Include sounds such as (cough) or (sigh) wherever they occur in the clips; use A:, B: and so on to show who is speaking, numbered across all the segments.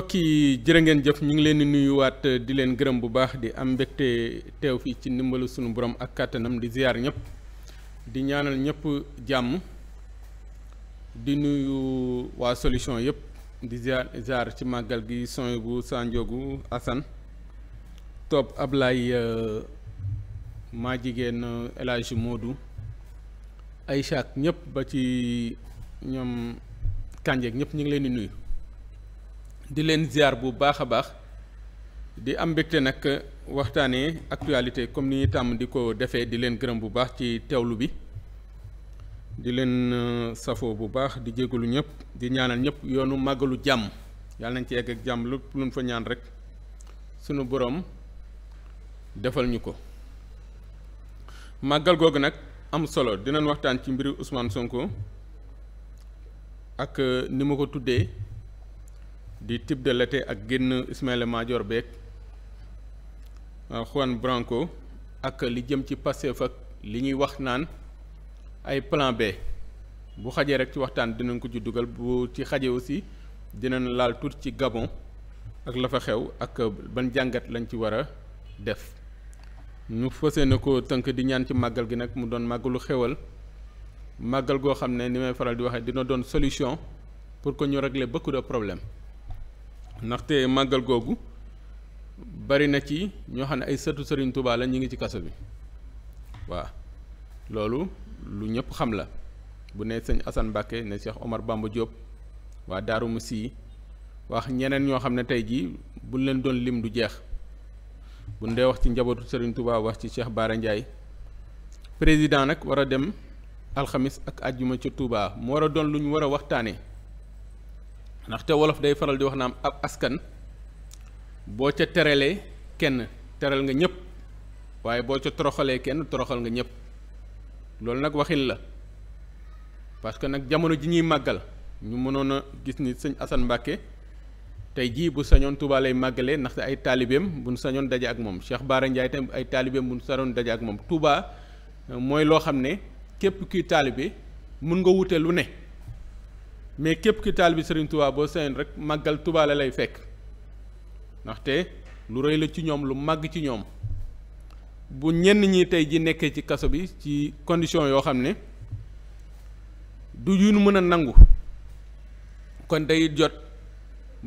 A: mbokk yi jërë ngeen jëf ñu ngi leen di waat eh, di leen gërëm bu baax di am mbégte teew fii ci ndimbalu sunu borom ak kàttanam di ziar ñëpp di ñaanal ñëpp jàmm di nuyu waa solution yëpp di ziar ziar ci màggal gi son bu Sanjogu Assane Top Ablaye eh, maa jigéen eh, El modu ay Aïcha ñëpp ba ci ñoom Kànjeeg ñëpp ñu ngi leen di nuyu. di leen ziar bu baax a baax di am mbégte nag waxtaanee actualité comme ni ñu tàmm di ko defee di leen gërëm bu baax ci teewlu bi di leen euh, safoo bu baax di jégalu ñëpp di ñaanal ñëpp yoonu màggalu jàmm yàlla nañ ci egg ak jàmm lu luñ fa ñaan rek sunu borom defal ñu ko màggal googu nag am solo di dinañ waxtaan ci mbiru Ousmane Sonko ak euh, ni ma ko tuddee. di Tip de l'été ak génn Ismaïla Madior Beek Juan Branco ak li jëm ci Pastef ak li ñuy wax naan ay plan B bu xajee rek ci waxtaan dinañ ko ci dugal bu ci xaje aussi dinañ laal tuuti ci Gabon ak la fa xew ak ban jàngat lañ ci war a def ñu fësee na ko tënk di ñaan ci màggal gi nag mu doon màggalu xewal màggal goo xam ne ni may faral di waxee dina doon solution pour que ñu régler beaucoup de problèmes ndaxte màggal googu bari na ci ñoo xam ne ay sëtu Serigne Touba la ñu ngi ci kaso bi waaw loolu lu ñëpp xam la bu ne sëñ Assane Mbacke ne Cheikh Omar Bamba Diop waa Darou Moussi wax ñeneen ñoo xam ne tey jii buñ leen doon lim du jeex buñ dee wax ci njabootu Serigne Touba wax ci Cheikh Bara Ndiaye président nag war a dem alxamis ak àjjuma ca Touba mu war doon lu ñu war a waxtaanee. ndaxte wolof day faral di wax naam ab askan boo ca teralee kenn teral nga ñëpp waaye boo ca toroxalee kenn toroxal nga ñëpp loolu nag waxin la parce que nag jamono ji ñuy màggal ñu mënoon a gis ni sëñ Assane Mbacke tey jii bu sañoon Touba lay màggalee ndaxte ay taalibeem bu sañoon daje ak moom Cheikh Baara Ndiaye tam ay taalibeem bu ñu sañoon daje ak moom Touba mooy loo xam ne képp kii taalibe mun nga wute lu ne. mais képp ki taal bi Serigne Touba boo seen rek màggal Touba lay fekk ndaxte lu rëy la ci ñoom lu màgg ci ñoom bu ñenn ñi tey ji nekkee ci kaso bi ci condition yoo xam ne du yu nu mën a nangu kon day jot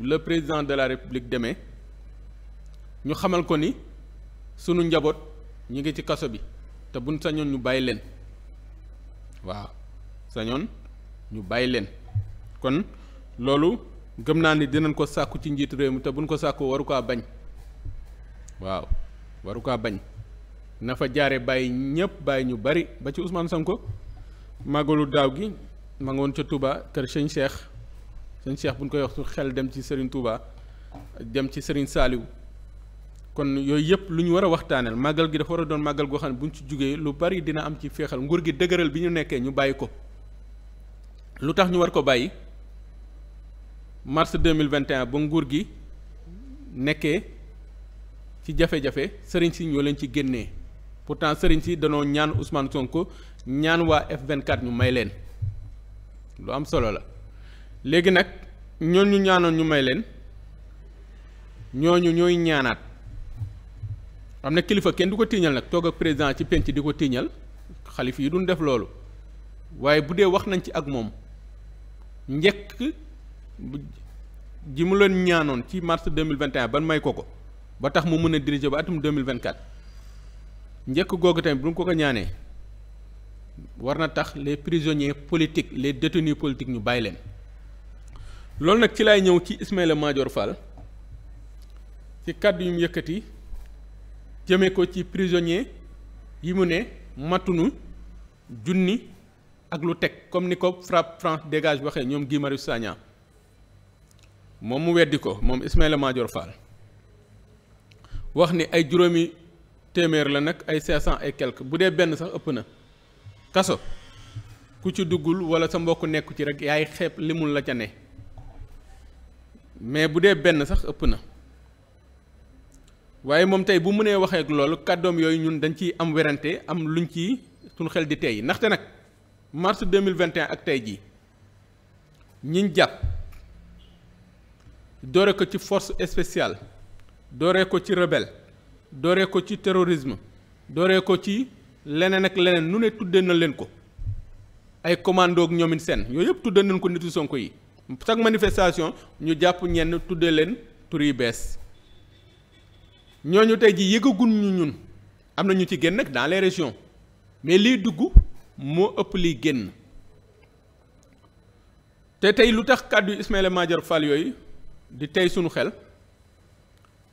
A: le président de la république demee ñu xamal ko ni sunu njaboot ñu ngi ci kaso bi te buñ sañoon ñu bàyyi leen waaw sañoon ñu bàyyi leen. kon loolu gëm naa ni dinañ ko sàkku ci njiitu réew mi te buñ ko sàkkoo waru kaa bañ waaw waru kaa bañ na fa jaare bàyyi ñëpp bàyyi ñu bari ba ci usmaan san ko màggalu daaw gi ma nga woon ca tubaa kër sëñ Cheikh sëñ Cheikh bu ñu koy wax su xel dem ci Serigne tubaa dem ci Serigne saaliw kon yooyu yëpp lu ñu war a waxtaaneel màggal gi dafa war a doon màggal goo xam ne bu ñu ci jógee lu bari dina am ci féexal nguur gi dëgëral bi ñu nekkee ñu bàyyi ko lu tax ñu war ko bàyyi. mars deux mille vingt et un ba nguur gi nekkee ci jafe-jafe sëriñ si ñoo leen ci génnee pourtant sëriñ si danoo ñaan Ousmane Sonko ñaan waa F24 ñu may leen lu am solo la léegi nag ñooñu ñaanoon ñu may leen ñooñu ñooy ñaanaat am na kilifa kenn du ko tiiñal nag toog ak président ci penc di ko tiiñal xalif yi duñ def loolu waaye bu dee wax nañ ci ak moom njekk ji mu leen ñaanoon ci mars deux mille vingt ban may ko ko ba tax mu mën a diriger ba atum deux mille vingt njëkk googu tamit bu ñu ko ko ñaanee war na tax les prisonniers politiques les détenus politiques ñu bàyyi leen. loolu nag ci lay ñëw ci Ismaïla Madior Fall ci kàddu yu mu yëkkati jëmee ko ci prisonnier yi mu ne matunu junni ak lu teg comme ni ko FRAPP France dégage waxee ñoom Guy Marius Sagna. moom mu weddi ko moom Ismaïla Madior Fall wax ni ay juróomi téeméer la nag ay cinq cent ay quelque bu dee benn sax ëpp na kaso ku ci duggul wala sa mbokk nekku ci rek yaay xeeb limu la ca ne mais bu dee benn sax ëpp na waaye moom tey bu mënee waxee ak loolu kàddoom yooyu ñun dañ ciy am werante am luñ ci suñ xel di tey ndaxte nag mars 2021 ak tey jii ñiñ jàpp doore ko ci force spéciale dooree ko ci rebelle dooree ko ci terrorisme dooree ko ci leneen ak leneen nu ne tuddee na leen ko ay commando ak ñoomin seen yooyu yëpp tuddee nañ ko nitu Sonko yi chaque manifestation ñu jàpp ñenn tuddee leen tur yi bees ñooñu tey ji yëgagun ñun am na ñu ci génn nag dans les régions mais liy dugg moo ëpp liy génn te tey lu tax kàddu Ismaïla Madior Fall yooyu di tey suñu xel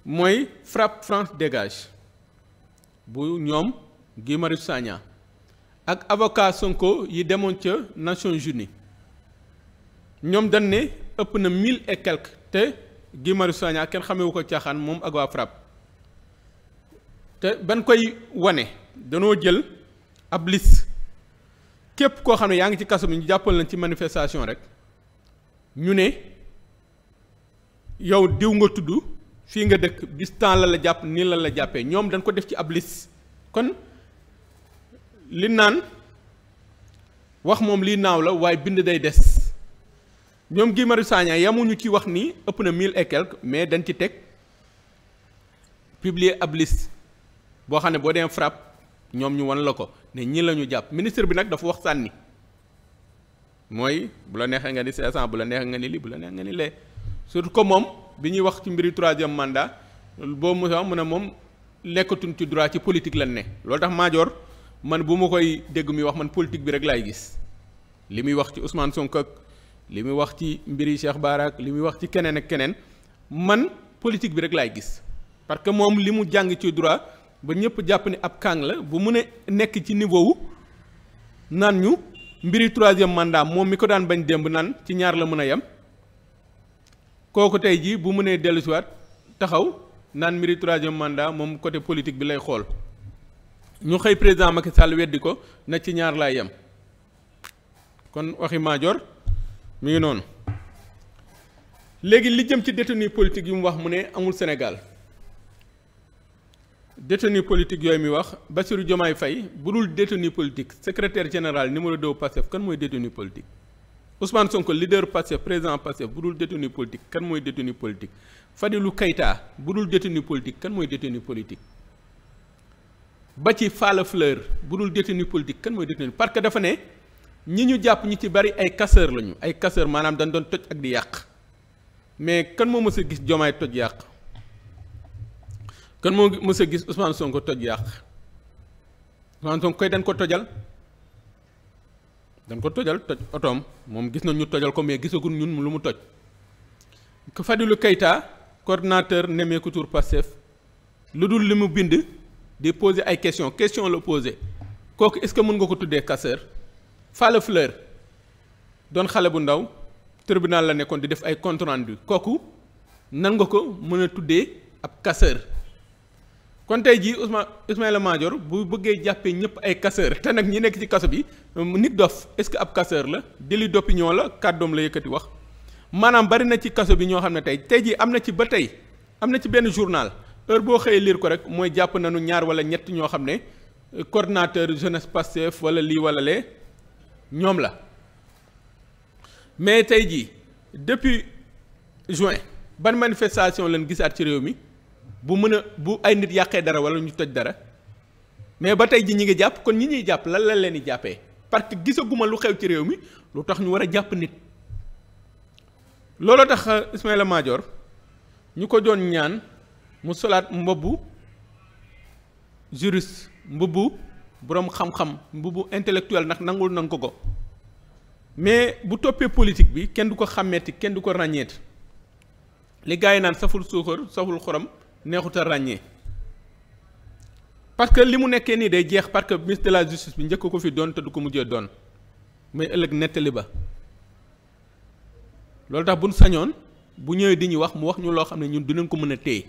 A: mooy frappe France dégage bu ñoom Guy Marius ak avocat Sonko yi demoon ca Nations Unies ñoom dan ne ëpp na mille et quelques te Guy Marius Sagna kenn xamewu ko caaxaan moom ak waa frappe te ban koy wane danoo jël ab liste képp koo xam ne yaa ngi ci kaso bi ñu jàppal lañ ci manifestation rek ñu ne yow diw nga tudd fii nga dëkk bis la la jàpp nii la la jàppee ñoom dañ ko def ci ab lis kon li naan wax moom lii naaw la waaye bind day des ñoom Guy Marius Sagna yamuñu ci wax ni ëpp na mille et quelque mais dañ ci teg publier ab liste boo xam ne boo dee frappe ñoom ñu wan la ko ne ñi lañu jàpp ministre bi nag dafa wax sànni mooy bu la neexee nga ni 500 bu la neexee nga ni li bu la neexee nga ni lee surtout que moom bi ñuy wax ci mbiri troisième mandat boobu mosa mën ne moom nekkatuñ ci droit ci politique lan ne loolu tax Madior man bu ma koy dégg muy wax man politique bi rek laay gis li muy wax ci Ousmane Sonko ak li muy wax ci mbiri Cheikh Bara ak li muy wax ci keneen ak keneen man politique bi rek laay gis parce que moom li mu jàng ci droit ba ñëpp jàpp ni ab kàng la bu mu ne nekk ci niveau wu naan ñu mbiri troisième mandat moom mi ko daan bañ démb naan ci ñaar la mën a yem kooku tey jii bu mënee dellusiwaat taxaw naan mbiri troisième mandat moom côté politique bi lay xool ñu xëy président Macky Sall weddi ko na ci ñaar laay yem kon waxi Madior mi ngi noonu léegi li jëm ci détenu politique yu mu wax mu ne amul Sénégal détenu politique yooyu mi wax Bassirou Diomaye Faye bu dul détenu politique secrétaire général numéro 2 Pastef kan mooy détenu politique Ousmane Sonko leader Pastef président Pastef bu dul détenu politique kan mooy détenu politique Fadilou Keita bu dul détenu politique kan mooy détenu politique ba ci Falla Fleur bu dul détenu politique kan mooy détenu parce que dafa ne ñi ñu jàpp ñi ci bari ay casseur lañu ay casseur maanaam dañ doon toj ak di yàq mais kan moo mës gis Diomaye toj yàq kan moo mës a gis Ousmane Sonko toj yàq Ousmane koy dañ ko tojal. dañ ko tojal toj otoom moom gis na ñu tojal ko mais gisagul ñun lu mu toj Fadilou Keita coordinateur Nemmeeku Tour Pastef lu dul li mu bind di poser ay question question la poser kooku est-ce que mën nga ko tuddee casseur fale Fleur doon xale bu ndaw tribunal la nekkoon di def ay compte bi kooku nan nga ko mën a tuddee ab casseur kon tey jii Ousmane Ismaïla Madior bu bëggee jàppee ñëpp ay casseur te nag ñi nekk ci kaso bi nit dof est-ce que ab casseur la délit d'opinion la kàddoom la yëkkati wax maanaam bari na ci kaso bi ñoo xam ne tey tey jii am na ci ba tey am na ci benn journal heure boo xëyee liir ko rek mooy jàpp nañu ñaar wala ñett ñoo xam ne coordinateur jeunesse Pastef wala lii wala lee ñoom la mais tey jii depuis juin ban manifestation lañ gisaat ci réew mi. bu mën a bu ay nit yàqee dara wala ñu toj dara mais ba tey ji ñi ngi jàpp kon ñi ñuy jàpp lan la leen di jàppee parce que gisaguma lu xew ci réew mi lu tax ñu war a jàpp nit looloo tax euh, Ismaïla Madior ñu ko doon ñaan mu solaat mbubbu juriste mbubbu boroom xam-xam mbubbu intellectuel ndax nangul nang ko ko mais bu toppee politique bi kenn du ko xàmmeeti kenn du ko ràññeeti li gars yi naan saful suukar saful xorom neexut a ràññee parce que li mu nekkee nii day jeex parce que ministre de la justice bi njëkk ko fi doon te du ko mujjee doon mais ëllëg nettali ba loolu tax bu nu sañoon bu ñëwee di ñu wax mu wax ñu loo xam ne ñun dinañ ko mën a téye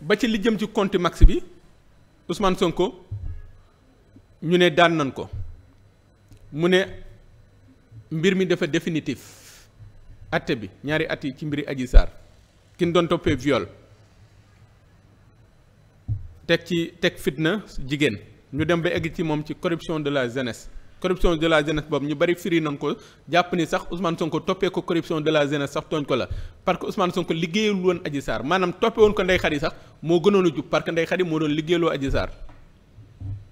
A: ba ci li jëm ci compte max bi Ousmane ko ñu ne daan nañ ko mu ne mbir mi dafa définitif atte bi ñaari at yi ci mbiri Adji Sarr kin doon toppee viol teg ci teg fitna jigéen ñu dem ba egg ci moom ci corruption de la jeunesse corruption de la jeunesse boobu ñu bari firi nañ ko jàpp ni sax Ousmane Sonko toppee ko corruption de la jeunesse sax tooñ ko la parce que san Sonko liggéeyul woon Adji Sarr maanaam toppee woon ko Ndeye Khady sax moo gënoon a jub parce que Ndeye Khady moo doon liggéeyloo Adji Sarr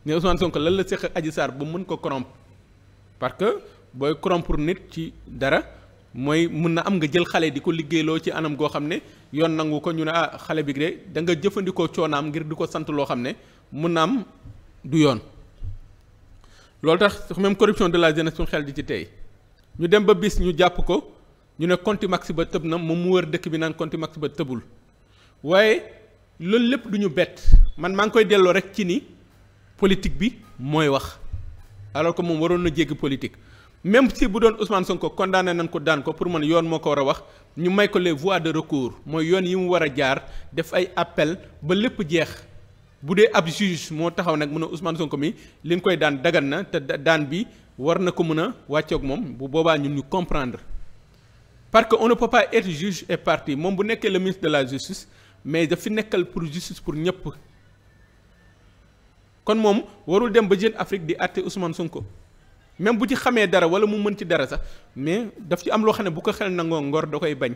A: mais Ousmane Sonko lan la séq ak Adji Sarr ba mën ko corrompre parce que booy corrompre nit ci dara. mooy mun na am nga jël xale di ko liggéeyloo ci anam goo xam ne yoon nangu ko ñu ne ah xale bi de da jëfandikoo coonaam ngir di ko sant loo xam ne mun na am du yoon. loolu tax même corruption de la jeunesse suñu xel di ci tey ñu dem ba bis ñu jàpp ko ñu ne contumax ba tëb na moom mu wër dëkk bi naan contumax ba tëbul waaye loolu lépp du ñu bett man maa ngi koy delloo rek ci ni politique bi mooy wax alors ko moom waroon na jéggi politique. même si bu doon Ousmane Sonko condamné nañ ko daan ko pour man yoon moo ko war a wax ñu may ko les voies de recours mooy yoon yi mu war a jaar def ay appel ba lépp jeex bu dee ab juge moo taxaw nag mun a Ousmane Sonko mi li ñu koy daan dagan na te daan bi war na ko mën a wàccoog moom bu boobaa ñun ñu comprendre parce que on ne peut pas être juge et partie moom bu nekkee le ministre de la justice mais daf fi nekkal pour justice pour ñëpp moom warul dem ba Jeune Afrique di àtte Ousmane Sonko. même bu ci xamee dara wala mu mën ci dara sax mais daf ci am loo xam ne bu ko xel nangoo ngor da koy bañ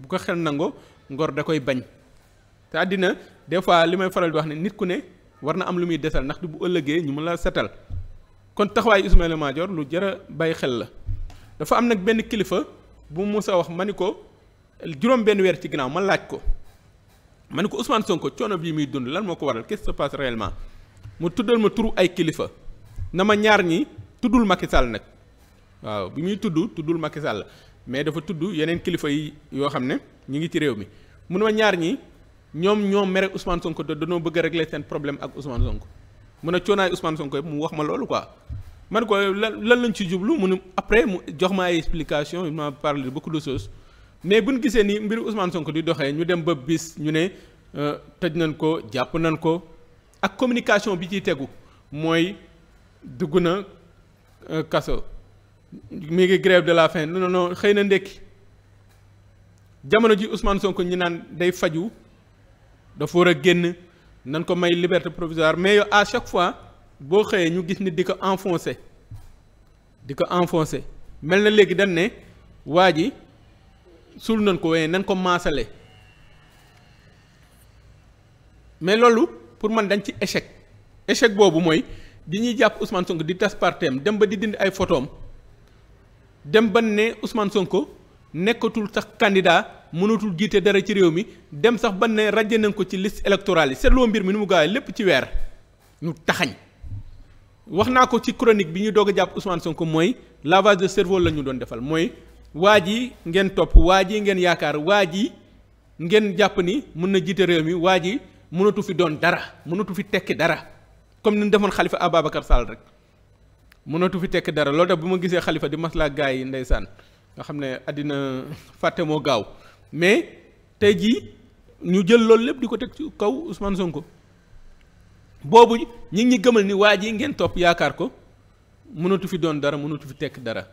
A: bu ko xel nangoo ngor da koy bañ te àddina des fois li may faral di wax ne nit ku ne war na am lu muy desal ndax di bu ëllëgee ñu mën la setal kon taxawaayu Ismaïla Madior lu jar a bàyyi xel la dafa am nag benn kilifa bu mu musa wax ma ni ko juróom benn weer ci ginnaaw ma laaj ko ma ni ko Ousmane Sonko coono bii muy dund lan moo ko waral qu'est-ce qui passe réellement mu tuddal ma turu ay kilifa. na ma ñaar ñi tuddul Macky Sall nag waaw bi muy tudd tuddul Macky la mais dafa tudd yeneen kilifa yi yoo xam ne ñu ngi ci réew mi mun ma ñaar ñi ñoom ñoom mere Ousmane Sonko te danoo bëgg a régler seen problème ak Ousmane Sonko mun a coonaay Ousmane Sonko mu wax ma loolu ko man ko lan lan lañ ci jublu mu ne après mu jox ma ay explication m'a parlé de beaucoup de mais bu ñu gisee ni mbiru Ousmane Sonko di doxee ñu dem ba bis ñu ne euh, tëj nañ ko jàpp nañ ko ak communication bi ciy tegu mooy. dugg na euh, kaso mi ngi grève de la faim non non xëy na ndekki jamono ji Ousmane Sonko ñi naan day faju dafa war a génn nan ko may liberté provisoire mais yow à chaque fois boo xëyee ñu gis ni di ko enfoncé di ko enfonsé mel na léegi dañ ne waa ji suul nañ ko waaye nan ko maasale mais loolu pour man dañ ci échec échec boobu mooy bi ñuy jàpp Ousmane Sonko di taspartem dem ba di dindi ay photoom dem ba ne Ousmane Sonko nekkatul sax candidat mënatul jiite dara ci réew mi dem sax ba ne raje nañ ko ci list électorale yi seetloo mbir mi nu mu gaawee lépp ci weer ñu taxañ wax naa ko ci chronique bi ñu doog a jàpp Ousmane Sonko mooy lavage de cerveau la ñu doon defal mooy waa ji ngeen topp waa ji ngeen yaakaar waa ji ngeen jàpp ni mën na jiite réew mi waa ji mënatu fi doon dara mënatu fi tekki dara. comme ni ñu defoon xalifa Ababacar Sall rek mënatu fi tekk dara loolu tax bu ma gisee xalifa di maslaa gaa yi ndeysaan nga xam ne àddina fàtte moo gaaw mais tey jii ñu jël loolu lépp di ko teg ci kaw son ko boobu ñi ñi gëmal ni waa ji ngeen topp yaakaar ko mënatu fi doon dara mënatu fi tekk dara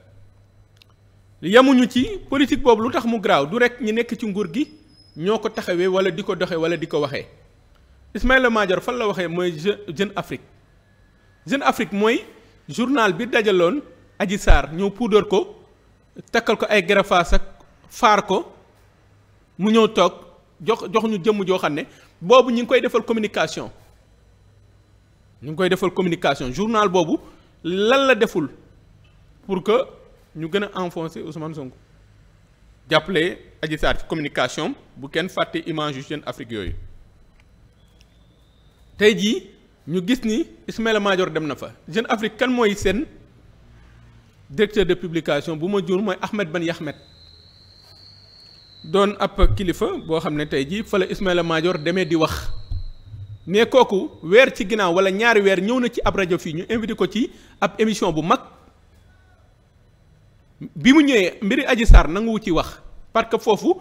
A: yemuñu ci politique boobu lu tax mu graaw du rek ñi nekk ci nguur gi ñoo ko taxawee wala di ko doxee wala di ko waxee. Ismaïla Madior fan la waxee mooy Jeune Afrique Jeune Afrique mooy journal bi dajaloon aji Sarr ñëw puudar ko takkal ko ay garafaas ak faar ko mu ñëw toog jox jox ñu jëmm joo xam ne boobu ñu ngi koy defal communication ñu ngi koy defal communication journal boobu lan la deful pour que ñu gën a enfoncer Ousmane Sonko jàppale Adji Sarr communication bu kenn fàtte image yu Jeune Afrique yooyu. tey jii ñu gis ni Ismaïla Madior dem na fa Jeune Afrique kan mooy seen directeur de publication bu ma jur mooy Ahmed Ben Yahmed doon ab kilifa boo xam ne tey jii fa la Ismaïla Madior demee di wax mais kooku weer ci ginnaaw wala ñaari weer ñëw na ci ab rajo fii ñu invité ko ci ab émission bu mag bi mu ñëwee mbiri Adji sar nanguwu ci wax parce que foofu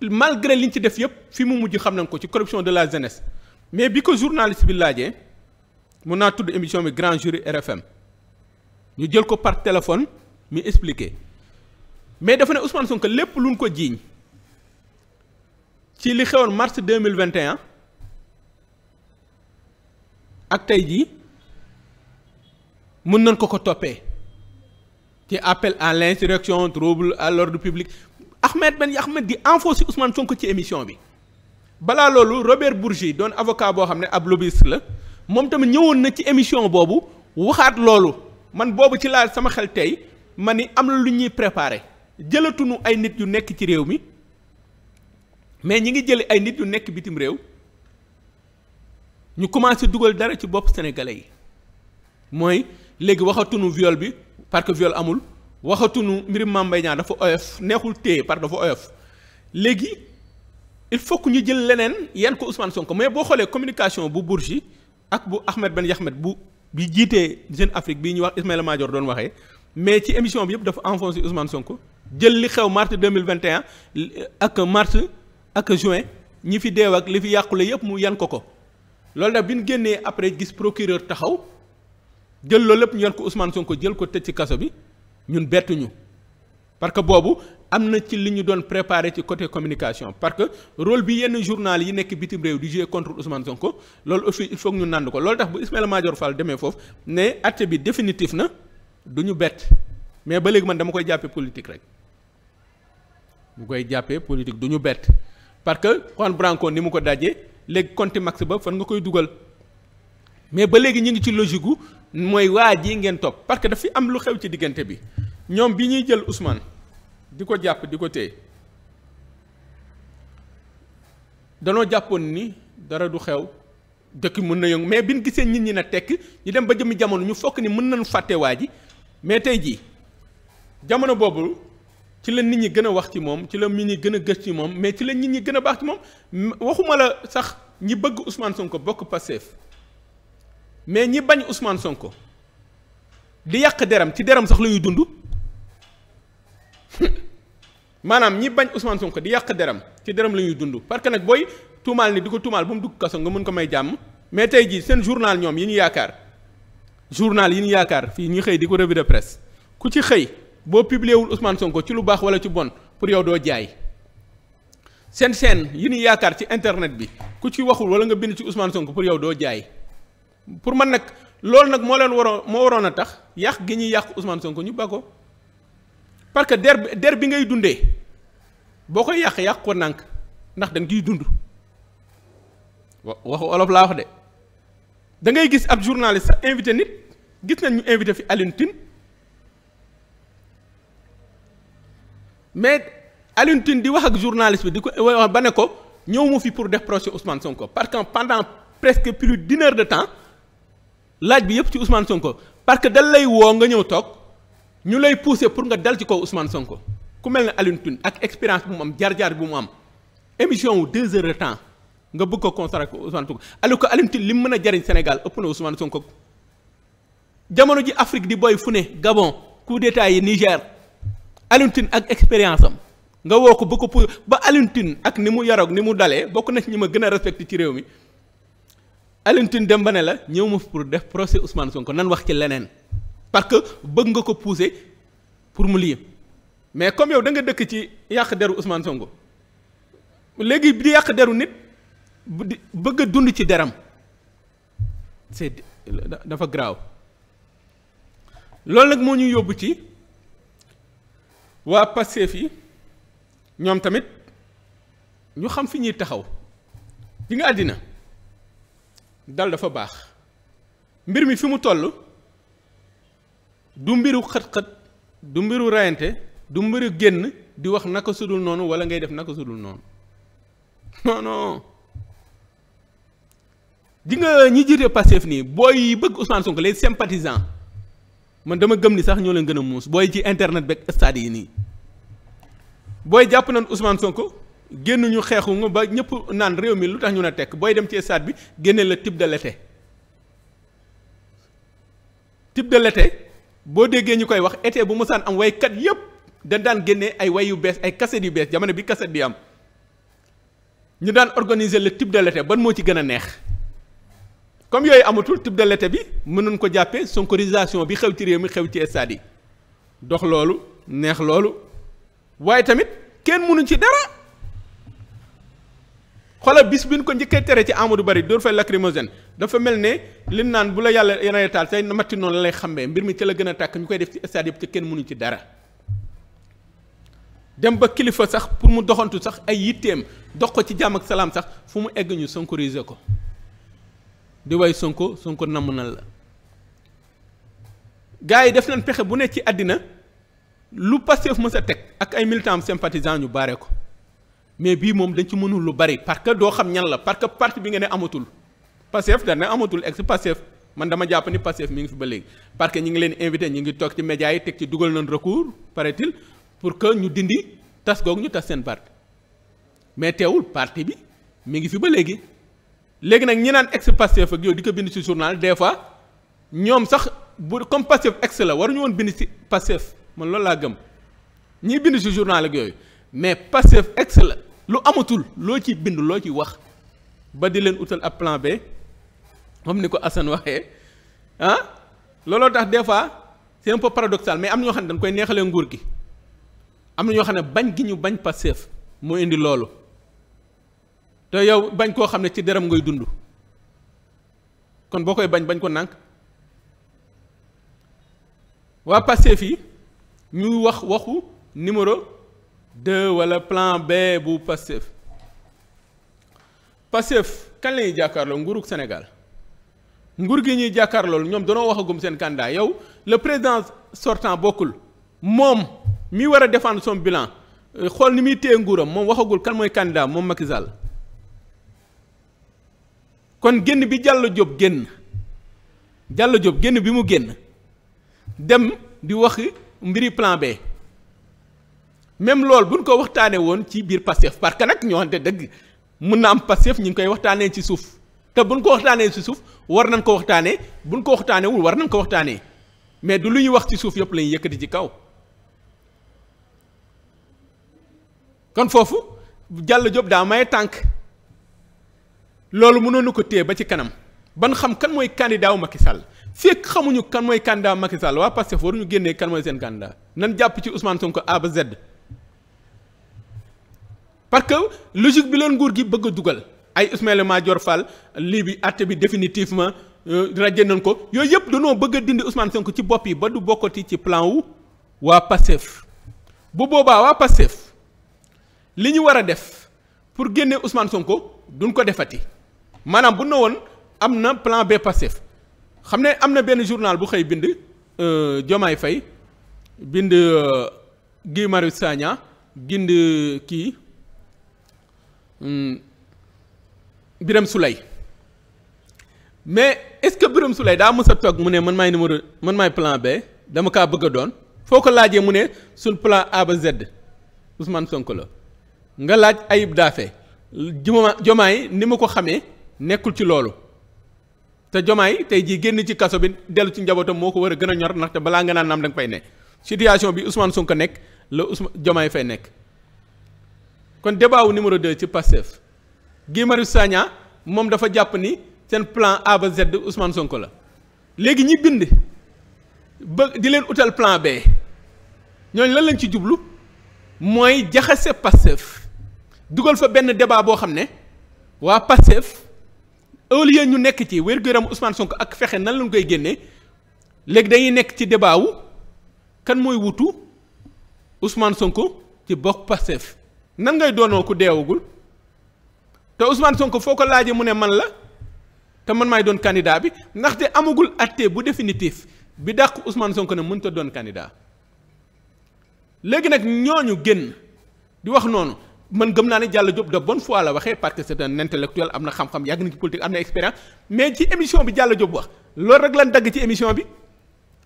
A: li liñ ci def yëpp fi mu mujj xam nañ ko ci corruption de la jeunesse mais bi ko journaliste bi laajee mun naa tudd émission bi grand jury RFM ñu jël ko par téléphone mi expliquer mais dafa ne Ousmane Sonko lépp luñ ko jiiñ ci li xewoon mars deux mille vingt et ak tey jii mën nañ ko ko toppee ci appel à l' insurrection trouble à l' ordre public Ahmed Ben Ahmed di enfoncé Ousmane Sonko ci émission bi. balaa loolu Robert Bourgi doon avocat boo xam ne ab lobbyiste la moom tamit ñëwoon na ci émission boobu waxaat loolu man boobu ci laal sama xel tey ma ni am na lu ñuy préparé jëlatuñu ay nit yu nekk ci réew mi mais ñi ngi jëli ay nit yu nekk bitim réew ñu commencé dugal dara ci bopp sénégalais yi mooy léegi waxatunu viole bi parce que viol amul waxatunu mbir Mame Mbaye dafa oyof neexul téye parce que dafa oyof léegi. il faut ñu jël leneen yan ko Ousmane Sonko mais boo xoolee communication bu Bourgi ak bu Ahmed Ben Yahmed bu bi jiitee Jeune Afrique bii ñuy wax Ismaïla Madior doon waxee mais ci émission bi yëpp dafa enfoncé Ousmane Sonko jël li xew mars 2021 ak mars ak juin ñi fi deew ak li fi yàqule yëpp mu yan ko ko loolu nag bin génnee après gis procureur taxaw jël loolu lépp ñu yan ko Ousmane Sonko jël ko tëj ci kaso bi ñun bettuñu parce que boobu am na ci li ñu doon préparé ci côté communication parce que rôle bi yenn journal yi nekk bitim réew di jouer contre Ousmane Sonko loolu aussi il faut ñu nànd ko lool tax bu Ismaïla Madior Fall demee foofu ne acte bi définitif na du ñu bett mais ba léegi man dama koy jàppee politique rek mu koy jàppee politique du ñu bett parce que Juan Branco ni mu ko dajee léegi compte max ba fan nga koy dugal mais ba léegi ñu ngi ci logique gu mooy waa ji ngeen topp parce que dafi am lu xew ci diggante bi ñoom bi ñuy jël Ousmane. di ko jàpp di ko téye danoo jàppoon ni dara du xew dëkk mën na yëngu mais biñ gisee nit ñi na tekk ñu dem ba jëmi jamono ñu fokk ni mën nañu fàtte waa ji mais tey jii jamono boobu ci la nit ñi gën a wax ci moom ci la nit ñi gën a gës ci moom mais ci la nit ñi gën a baax ci moom waxuma la sax ñi bëgg Ousmane Sonko bokk Pastef mais ñi bañ Ousmane Sonko di yàq deram ci deram sax la ñuy dund (laughs) maanaam ñi bañ Ousmane Sonko di yàq deram ci deram la ñuy dund parce que nag booy tuumaal ni di ko tuumaal bu mu dugg kaso nga mën ko may jàmm mais tey jii seen journal ñoom yi ñu yaakaar journal yi ñu yaakaar fii ñu xëy di ko revue de presse ku ci xëy boo publier wul Ousmane Sonko ci lu baax wala ci bon pour yow doo jaay seen seen yi ñu yaakaar ci internet bi ku ci waxul wala nga bind ci Ousmane Sonko pour yow doo jaay pour man nag loolu nag moo leen waroon moo waroon a tax yàq gi ñuy yàq Ousmane Sonko ñu ba parce que der der bi ngay dundee boo koy yàq yàq ko nànk ndax da nga ciy dund waxu olof laa wax de dangay ngay gis ab journaliste sax invité nit gis nañ ñu invité fi Alioune Tine mais Alioune Tine di wax ak journaliste bi di ko ba ne ko ñëw mu fi pour def procès Ousmane Sonko parce que pendant presque plus d'une de temps laaj bi yëpp ci Ousmane Sonko parce que dal lay woo nga ñëw toog. ñu lay pousser pour nga dal ci kaw Ousmane Sonko ku mel ne Alioune ak expérience bu mu am jaar-jaar bu mu am émission wu deux heures de temps nga bëgg ko consacrer Ousmane Sonko alors que li mu mën a jariñ Sénégal ëpp na Ousmane ji Afrique di boy fu ne Gabon coup d'état yi Niger Alioune Tine ak expérience am nga woo ko ba ko pour ba Alioune ak ni mu yaroog ni mu dalee bokk na ci ñi ma gën a respecté ci réew mi Alioune dem ba ne la ñëw ma pour def procès Ousmane Sonko nan wax ci leneen. parce que bëgg nga ko pousser pour mu lii mais comme yow da nga dëkk ci yàq deru Ousmane Sonko léegi di yàq deru nit di bëgg a dund ci deram c'est dafa graaw loolu nag moo ñuy yóbbu ci waa Pastef yi ñoom tamit ñu xam fi ñuy taxaw bi nga àddina dal dafa baax mbir mi fi mu toll du mbiru xët-xët du mbiru rayante du mbiru génn di wax naka sudul noonu wala ngay def naka sudul noonu non non di nga ñi jiite Pastef nii booy yi bëgg Ousmane Sonko les sympathisants man dama gëm ni sax ñoo leen gën a muus booy ci internet beeg stade yi nii booy jàpp nañ Ousmane Sonko génn ñu xeexu nga ba ñëpp naan réew mi lu tax ñu na tekk booy dem ci stade bi génnee la type de l'été type de l'été boo déggee ñu koy wax été bu mosaan am waykat yépp dañ daan génnee ay way yu bees ay kaset yu bees jamono bi kaset bi am ñu daan organiser le type de l'été ban moo ci gën a neex comme yooyu amatul type de l'été bi mënuñ ko jàppee sonkorisation bi xew ci réew mi xew ci stade yi dox loolu neex loolu waaye tamit kenn mënu ci dara xoolal bis bi ñu ko njëkkee tere ci Amadou Bari dóor fay lacrymogène dafa mel ne li naan bu la yàlla yeneen taal say matti noonu la lay xàmbee mbir mi ci la gën a tàkk ñu koy def ci stade yëpp te kenn mënu ci dara dem ba kilifa sax pour mu doxantu sax ay yitteem dox ko ci jàmm ak salaam sax fu mu egg ñu sonkoriser ko di way sonko sonko namm na la gars yi def nañ pexe bu ne ci àddina lu Pastef mës a teg ak ay militants sympathisants yu baare ko mais bii moom dañ ci mënul lu bari parce que doo xam ñan la parce que parti bi nga ne amatul Pastef da ne amatul ex Pastef man dama jàpp ni Pastef mi ngi fi ba léegi parce que ñi ngi leen invité ñi ngi toog ci médias yi teg ci dugal nañ recours paraît pour que ñu dindi tas goog ñu tas seen parti mais teewul parti bi mi ngi fi ba léegi léegi nag ñi naan ex Pastef ak yow di ko bind ci journal des fois ñoom sax bu comme Pastef ex la waruñu woon bind ci Pastef man loolu laa gëm ñiy bind ci journal ak yooyu. mais Pastef excellent lu amatul loo ciy bind loo ciy wax ba di leen utal ab plan B moom ni ko assen waxee ah, looloo tax des fois c'est un peu paradoxal mais am na ñoo xam ne dañ koy neexalee nguur gi am na ñoo xam ne bañ gi ñu bañ Pastef moo indi loolu te yow bañ koo xam ne ci deram ngay dund kon boo koy bañ bañ ko nànk waa Pastef yi ñu wax waxu numéro. deux wala plan B bu Pastef Pastef kan la ñuy jàkkaarloo nguurug Sénégal nguur gi ñuy jàkkaarlool ñoom danoo waxagum seen candidat yow le président sortant bokkul moom mi war a défendre son bilan euh, xool ni muy téye nguuram moom waxagul kan mooy candidat moom Macky Sall kon génn bi jàll Diop génn Diallo Diop génn bi mu génn dem di wax mbiri plan B. même loolu buñ ko waxtaanee woon ci biir Pastef parce que nag ñoo xamante dëgg mën na am Pastef ñu ngi koy waxtaanee ci suuf te buñ ko waxtaanee ci suuf war nañ ko waxtaanee buñ ko waxtaanee wul war nañ ko waxtaanee mais du lu ñuy wax ci suuf yëpp la ñuy ci kaw. kon foofu Diallo job daa may tànk loolu mënoon na ko téye ba ci kanam ban xam kan mooy candidat wu Macky Sall fekk xamuñu kan mooy candidat Macky Sall waa Pastef waruñu génnee kan mooy seen candidat nan jàpp ci usmaan Sonko A ba Z. parce que logique bi leen nguur gi bëgg a dugal ay Ismaïla Madior Fall lii bi àtte bi définitivement euh, rajje nañ ko yooyu yëpp danoo bëgg a dindi Ousmane Sonko ci bopp yi ba du bokkati ci plan wu waa Pastef bu boobaa waa Pastef li ñu war a def pour génne Ousmane Sonko duñ ko defati maanaam bu ne woon am na plan B Pastef xam ne am na benn journal bu xëy bind euh, Diomaye Faye bind euh, Guy Marius Sagna bind kii Mm. biram Souley mais est-ce que Birame Souley daa mës a toog mu ne man maay numéro man maay plan B dama kaa bëgg a doon foo ko laajee mu ne sul plan A ba Z Ousmane Sonko la nga laaj Ayib Daffé juma jomaay ni ma ko xamee nekkul ci loolu te jomaay tey ji génn ci kaso bi dellu ci njabootam moo ko war a gën a ñor ndaxte balaa nga naan naam da nga fay ne situation bi Ousmane Sonko nekk la Ousmane jomaay fay nekk. kon débat wu numéro 2 ci Pastef Guy Marius Sagna moom dafa jàpp ni seen plan A ba Z Ousmane Sonko la léegi ñi bind ba di leen utal plan B ñooñ la lañ ci jublu mooy jaxase Pastef dugal fa benn débat boo xam ne waa Pastef au ñu nekk ci wér-gu-yaram Ousmane Sonko ak fexe nan lañ koy génnee léegi dañuy nekk ci débat wu kan mooy wutu Ousmane Sonko ci bokk Pastef nan ngay doonoo ku deewagul te Ousmane sonk foo ko laajee mu ne man la te man maay doon candidat bi ndaxte amagul atte bu définitif bi dàq Ousmane Sonko ne mënut a doon candidat léegi nag ñooñu génn di wax noonu man gëm naa ne Diallo Diop de bonne foi la waxee parce que c'est un intellectuel am na xam-xam yàgg na ci am na expérience mais ci émision bi Diallo Diop wax loolu rek lan dagg ci émission bi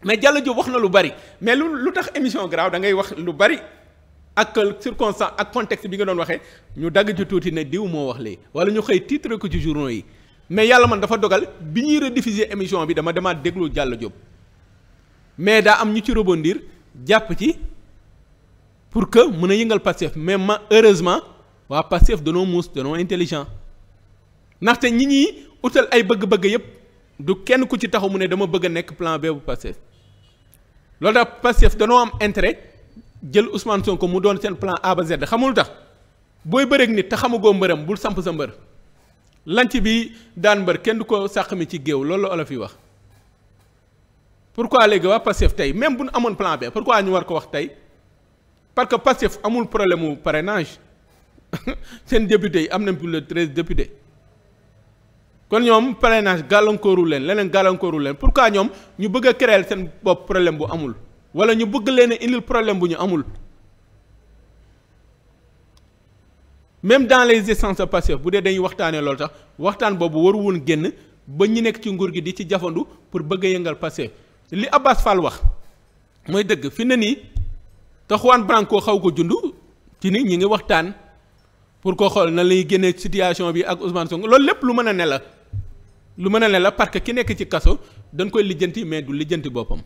A: mais Diallo Diop wax na lu bari mais lu lu tax émission graaw da ngay wax lu bari. ak circonstance ak contexte bi nga doon waxee ñu dagg ci tuuti ne diw moo wax lee wala ñu xëy titre ko ci journaux yi mais yàlla man dafa dogal bi ñuy rediffuser émission bi dama demaat déglu Diallo Diop mais daa am ñu ci rebondir jàpp ci pour que mën a yëngal Pastef mais ma heureusement waa Pastef danoo muus danoo intelligent ndaxte ñi ñuy utal ay bëgg-bëgg yépp du kenn ku ci taxu mu ne dama bëgg a nekk plan B bu Pastef loolu tax Pastef danoo am intérêt. jël Ousmane ko mu doon seen plan A ba Z xamul tax booy bëreek nit te xamagoo mbëram bul samp sa mbër lanc bi daan mbër kenn du ko sàq mi ci géew loolu la olof yi wax. pourquoi léegi waa Pastef tey même bu ñu amoon plan B pourquoi ñu war ko wax tey parce que Pastef amul problème mu parrainage (laughs) seen député yi am na plus de treize kon ñoom parenage gàllankooru leen leneen gàllankooru leen pourquoi ñoom ñu bëgg a créer seen bopp problème bu amul. wala ñu bëgg leen a indil problème bu ñu amul même dans les essences passées bu dee dañuy waxtaanee loolu sax waxtaan boobu waru génn ba ñu nekk ci nguur gi di ci jafandu pour bëgg a yëngal passé li Abbas Fall wax mooy dëgg fi na nii te Juan Branco xaw ko jund ci ni ñi ngi waxtaan pour ko xool na lay génne situation bi ak Ousmane Sonko loolu lépp lu mën a ne la lu mën a ne la parce que ki nekk ci kaso dañ koy lijjanti mais du lijjanti boppam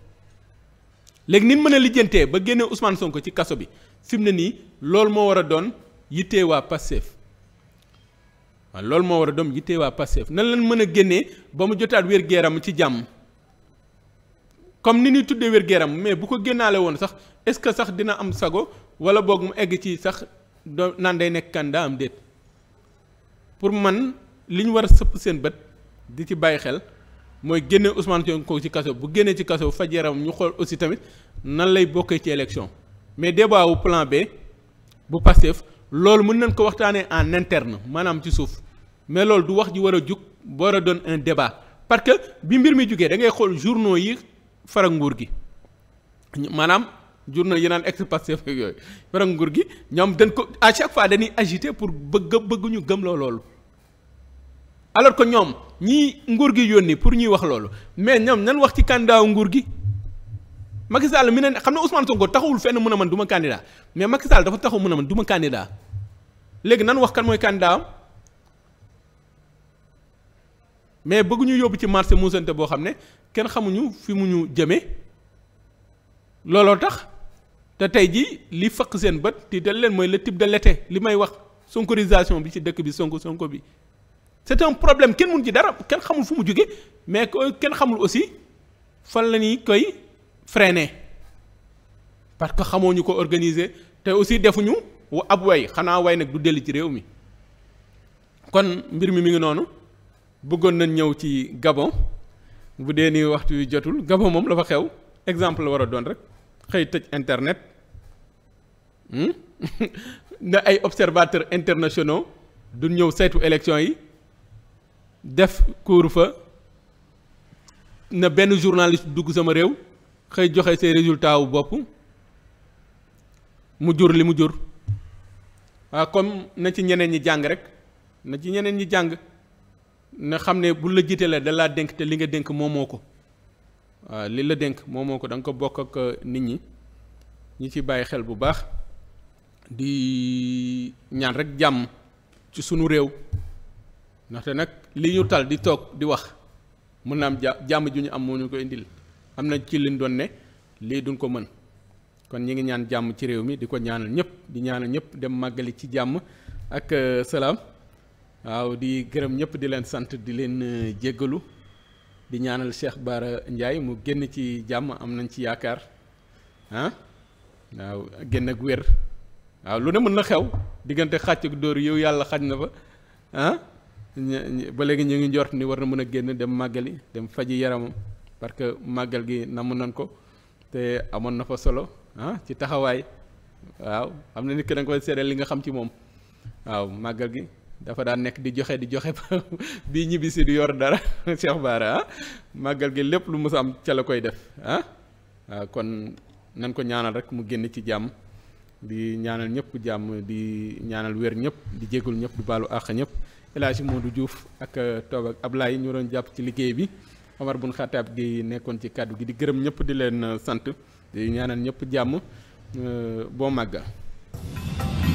A: léegi nin mën a lijjantee ba génne Ousmane Sonko ci kaso bi fi mu ne nii lool moo war a doon yittee waa Pastef waaw loolu moo war a doon yittee waa Pastef nan lañ mën a génnee ba mu jotaat wér gu ci jàmm comme ni ñuy tuddee wér gu mais bu ko génnaale woon sax est-ce que sax dina am sago wala boog mu egg ci sax do naan day nekk candidat am déet pour man li ñu war a sëpp seen bët di ci bàyyi xel mooy génne Ousmane Sonko ci kaso bu génnee ci kaso faj yaram ñu xool aussi tamit nan lay bokkee ci élection mais débat wu plan B bu Pastef loolu mën nañ ko waxtaanee en interne maanaam ci suuf mais loolu du wax ji war a jug war a doon un débat parce que bi mbir mi jugee da ngay xool journaux yi farak nguur gi maanaam journaux yi naan ex Pastef yooyu farak nguur gi ñoom dañ ko à chaque fois dañuy agité pour bëgg bëgguñu gëm loo loolu alors que ñoom. ñii nguur gi yónni pour ñuy wax loolu mais ñoom nan wax ci candidat nguur gi Macky Sall mi ne xam ne Ousmane Sonko taxawul fenn mën a man duma ma mais Macky Sall dafa taxaw mën a man du ma léegi nan wax kan mooy candidat mais bëgguñu yóbbu ci marché muusante boo xam ne kenn xamuñu fi mu ñu jëme looloo tax te tey jii li faq seen bët ti dal leen mooy le type de l'été li may wax sonkorisation bi ci dëkk bi sonko sonko bi c'est un problème kenn mun ci dara kenn xamul fu mu jóge mais kenn xamul aussi fan la ñuy koy freiner parce que xamoo ñu ko organiser te aussi defuñu ab way xanaa way nag du dellu ci réew mi kon mbir mi mi ngi noonu bëggoon nañ ñëw ci Gabon bu dee ni waxtu wi jotul Gabon moom la fa xew exemple la war a doon rek xëy tëj internet hmm? (laughs) na ay observateurs internationaux du ñëw saytu élection yi def couvre-feu na benn journaliste dugg sama réew xëy joxe say résultat wu bopp mu jur li mu jur waaw comme na ci ñeneen ñi jàng rek na ci ñeneen ñi jàng na xam ne bul la jiite la da laa dénk te li nga dénk moomoo ko waaw li la dénk moomoo ko da ko bokk ak euh, nit ñi ñi ci bàyyi xel bu baax di ñaan rek jàmm ci sunu réew ndaxte nag li ñu di toog di wax mën na am jà jàmm ju ñu am moo ñu ko indil am na ci liñ doon ne lii duñ ko mën kon ñu ngi ñaan jàmm ci réew mi di ko ñaanal ñëpp di ñaanal ñëpp dem màggali ci jàmm ak euh, salaam waaw di gërëm ñëpp di leen sant di leen euh, jéggalu di ñaanal Cheikh Bara njaay mu génn ci jàmm am nañ ci yaakaar ah waaw génn ak wér waaw lu ne mën na xew diggante xàcc ak dóor yow yàlla xaj na fa ah ba léegi ñu ngi njort ni war na mën a génn dem màggali dem faji yaramam parce que màggal gi namm nan ko te amoon na fa solo ah ci taxawaay waaw am na nit ki da nga koy seedeel li nga xam ci moom waaw màggal gi dafa daan nekk di joxe di joxe (laughs) bii ñibbisi di yor dara (laughs) Cheikh Bara ah màggal gi lépp lu mës a am ca la koy def ah waaw kon nan ko ñaanal rek mu génn ci jàmm di ñaanal ñëpp jàmm di ñaanal weer ñëpp di jégul ñëpp di baalu àq ñëpp El Hadj Modou juuf ak euh, toog ak Ablaye ñu doon jàpp ci liggéey bi Omar bun Xataab gi nekkoon ci kàddu gi di gërëm ñëpp di leen euh, sant di ñaanal ñëpp jàmm euh, boo màggal